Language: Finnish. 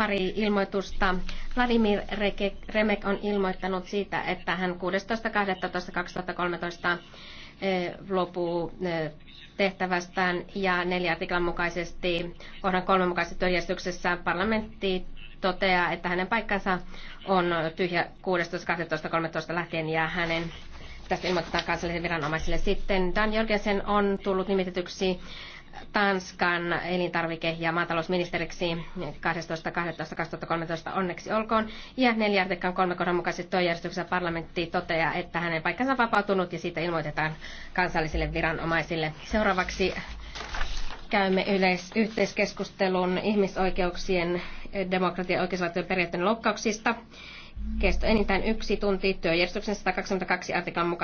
pari ilmoitusta. Vladimir Remek on ilmoittanut siitä, että hän 16.12.2013 eh, lopuu eh, tehtävästään ja neljä artiklan mukaisesti kohdan kolmen mukaisessa työjärjestyksessä parlamentti toteaa, että hänen paikkansa on tyhjä 16.12.13 lähtien ja hänen tästä ilmoitetaan kansallisille viranomaisille. Sitten Dan Jorgensen on tullut nimitetyksi Tanskan elintarvike- ja maatalousministeriksi 12.12.2013 onneksi olkoon. Ja neljä artikkan kolme kohdan mukaisesti työjärjestyksessä parlamentti toteaa, että hänen paikkansa on vapautunut ja siitä ilmoitetaan kansallisille viranomaisille. Seuraavaksi käymme yleis- yhteiskeskustelun ihmisoikeuksien, demokratian ja oikeusvaltion periaatteiden loukkauksista. Kesto enintään yksi tunti työjärjestyksen 122 artiklan mukaan.